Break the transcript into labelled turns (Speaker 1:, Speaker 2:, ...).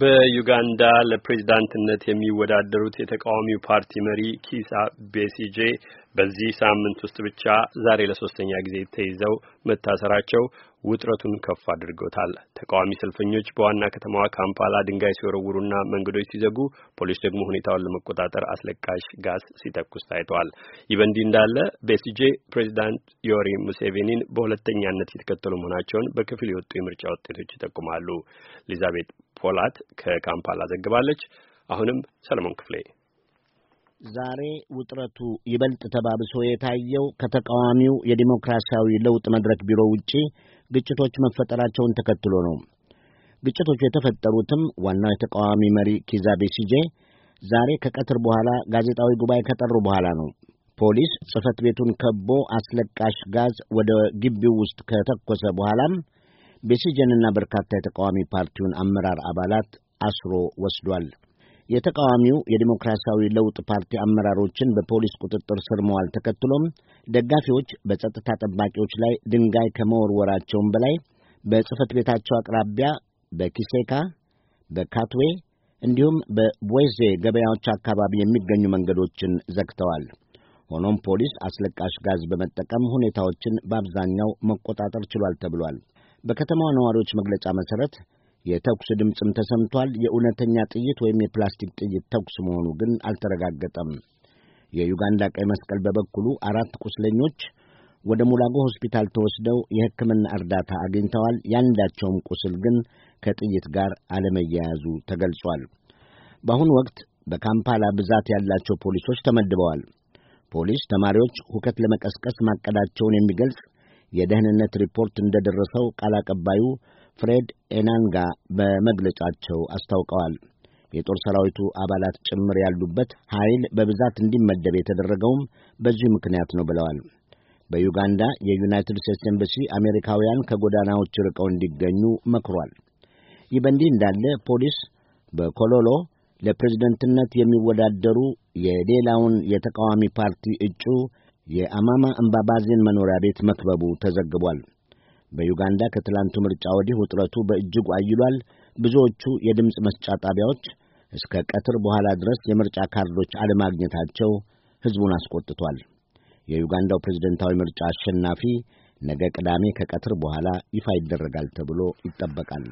Speaker 1: በዩጋንዳ ለፕሬዝዳንትነት የሚወዳደሩት የተቃዋሚው ፓርቲ መሪ ኪሳ ቤሲጄ በዚህ ሳምንት ውስጥ ብቻ ዛሬ ለሶስተኛ ጊዜ ተይዘው መታሰራቸው ውጥረቱን ከፍ አድርገውታል። ተቃዋሚ ሰልፈኞች በዋና ከተማዋ ካምፓላ ድንጋይ ሲወረውሩና መንገዶች ሲዘጉ፣ ፖሊስ ደግሞ ሁኔታውን ለመቆጣጠር አስለቃሽ ጋዝ ሲተኩስ ታይተዋል። ይህ በእንዲህ እንዳለ ቤሲጄ ፕሬዚዳንት ዮሪ ሙሴቬኒን በሁለተኛነት የተከተሉ መሆናቸውን በከፊል የወጡ የምርጫ ውጤቶች ይጠቁማሉ። ኤሊዛቤት ፖላት ከካምፓላ ዘግባለች። አሁንም ሰለሞን ክፍሌ
Speaker 2: ዛሬ ውጥረቱ ይበልጥ ተባብሶ የታየው ከተቃዋሚው የዲሞክራሲያዊ ለውጥ መድረክ ቢሮ ውጪ ግጭቶች መፈጠራቸውን ተከትሎ ነው። ግጭቶቹ የተፈጠሩትም ዋናው የተቃዋሚ መሪ ኪዛ ቤሲጄ ዛሬ ከቀትር በኋላ ጋዜጣዊ ጉባኤ ከጠሩ በኋላ ነው። ፖሊስ ጽህፈት ቤቱን ከቦ አስለቃሽ ጋዝ ወደ ግቢው ውስጥ ከተኮሰ በኋላም ቤሲጄንና በርካታ የተቃዋሚ ፓርቲውን አመራር አባላት አስሮ ወስዷል። የተቃዋሚው የዲሞክራሲያዊ ለውጥ ፓርቲ አመራሮችን በፖሊስ ቁጥጥር ስር መዋል ተከትሎም ደጋፊዎች በጸጥታ ጠባቂዎች ላይ ድንጋይ ከመወርወራቸውም በላይ በጽህፈት ቤታቸው አቅራቢያ በኪሴካ፣ በካትዌ እንዲሁም በቦይዜ ገበያዎች አካባቢ የሚገኙ መንገዶችን ዘግተዋል። ሆኖም ፖሊስ አስለቃሽ ጋዝ በመጠቀም ሁኔታዎችን በአብዛኛው መቆጣጠር ችሏል ተብሏል። በከተማዋ ነዋሪዎች መግለጫ መሠረት የተኩስ ድምፅም ተሰምቷል። የእውነተኛ ጥይት ወይም የፕላስቲክ ጥይት ተኩስ መሆኑ ግን አልተረጋገጠም። የዩጋንዳ ቀይ መስቀል በበኩሉ አራት ቁስለኞች ወደ ሙላጎ ሆስፒታል ተወስደው የሕክምና እርዳታ አግኝተዋል። ያንዳቸውም ቁስል ግን ከጥይት ጋር አለመያያዙ ተገልጿል። በአሁኑ ወቅት በካምፓላ ብዛት ያላቸው ፖሊሶች ተመድበዋል። ፖሊስ ተማሪዎች ሁከት ለመቀስቀስ ማቀዳቸውን የሚገልጽ የደህንነት ሪፖርት እንደደረሰው ቃል አቀባዩ ፍሬድ ኤናንጋ በመግለጫቸው አስታውቀዋል። የጦር ሰራዊቱ አባላት ጭምር ያሉበት ኃይል በብዛት እንዲመደብ የተደረገውም በዚህ ምክንያት ነው ብለዋል። በዩጋንዳ የዩናይትድ ስቴትስ ኤምበሲ አሜሪካውያን ከጎዳናዎች ርቀው እንዲገኙ መክሯል። ይህ በእንዲህ እንዳለ ፖሊስ በኮሎሎ ለፕሬዝደንትነት የሚወዳደሩ የሌላውን የተቃዋሚ ፓርቲ እጩ የአማማ እምባባዜን መኖሪያ ቤት መክበቡ ተዘግቧል። በዩጋንዳ ከትላንቱ ምርጫ ወዲህ ውጥረቱ በእጅጉ አይሏል። ብዙዎቹ የድምፅ መስጫ ጣቢያዎች እስከ ቀትር በኋላ ድረስ የምርጫ ካርዶች አለማግኘታቸው ሕዝቡን አስቆጥቷል። የዩጋንዳው ፕሬዝደንታዊ ምርጫ አሸናፊ ነገ ቅዳሜ ከቀትር በኋላ ይፋ ይደረጋል ተብሎ ይጠበቃል።